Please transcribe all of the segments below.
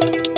thank you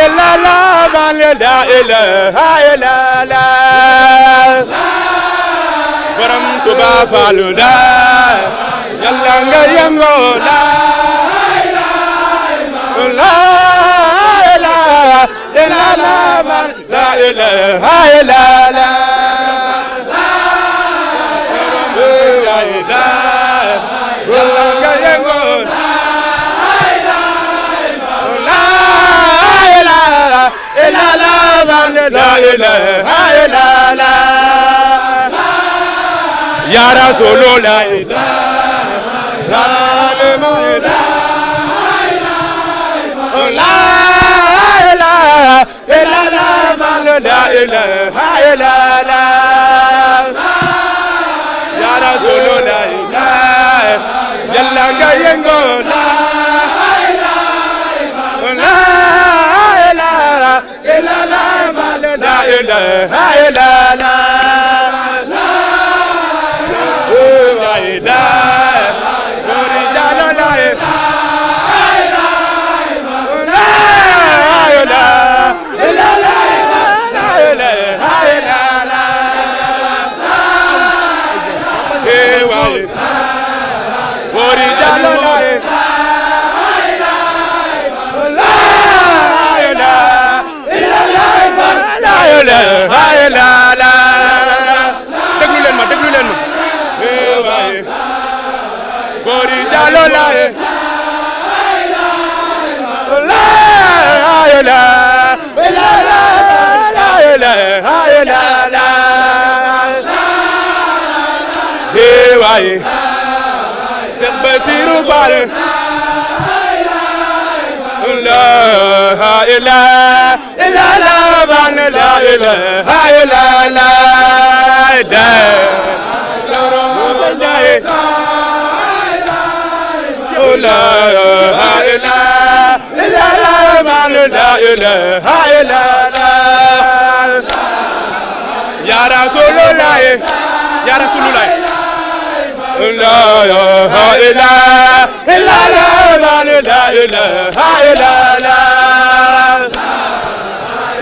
إلا لا من لا إله إلا لا برم تبا فالو لا يلا يمو لا لا لا إلا لا من لا إله إلا لا لا لا إله إلا الله يا رسول الله لا إله إلا لا إله إلا الله لا إله إلا الله يا رسول الله يلا جايين قول la la la baye Seex Basiru Faal la ilaha illa la ban la ilaha illa la da la ilaha illa la ban la ilaha illa la ya rasulullah ya rasulullah لا إله إلا إلا لا لا إله إلا لا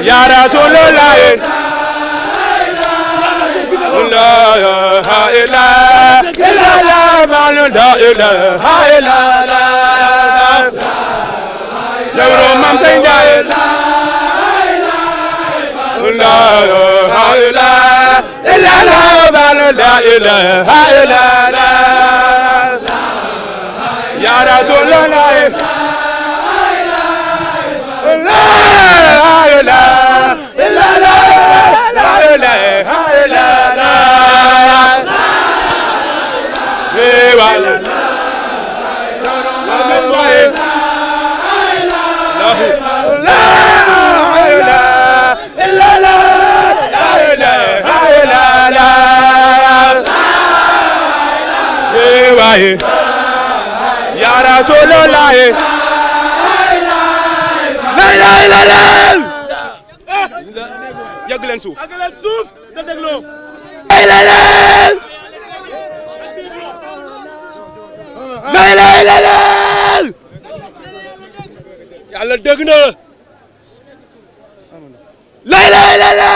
يا رسول الله لا إله إلا إلا لا لا إله إلا لا زوروا ممسين جاي لا إله إلا لا لا إله إلا الله يا رسول الله لا لا لا لا yàgg leen suuf yàgg leen suuf da dégloo la la la la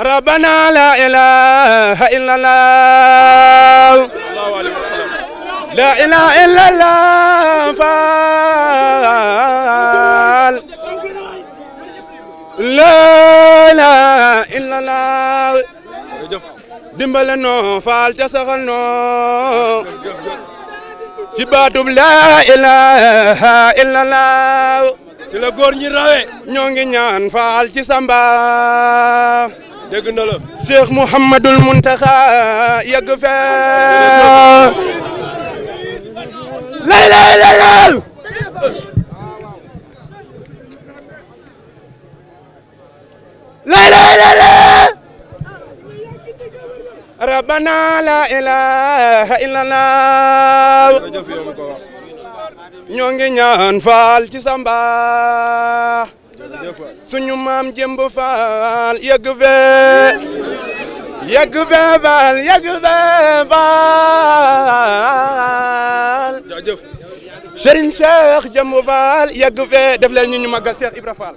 ربنا لا إله إلا الله لا إله إلا الله فال لا dimbale noo faal te saxal noo ci baatub laa ilaaha illallah si la góor ñi ñoo ngi ñaan faal ci samba dégg na la Cheikh Mouhamadul Muntaxa yegg rabbana la ilaha illallah ñoo ngi ñaan faal ci samba suñu maam jëmb faal yëgg fee yëgg fee faal yëgg fee faal jërëjëf Serigne jëmb faal yëgg fee def leen ñu ñu màggal Cheikh Ibra Fall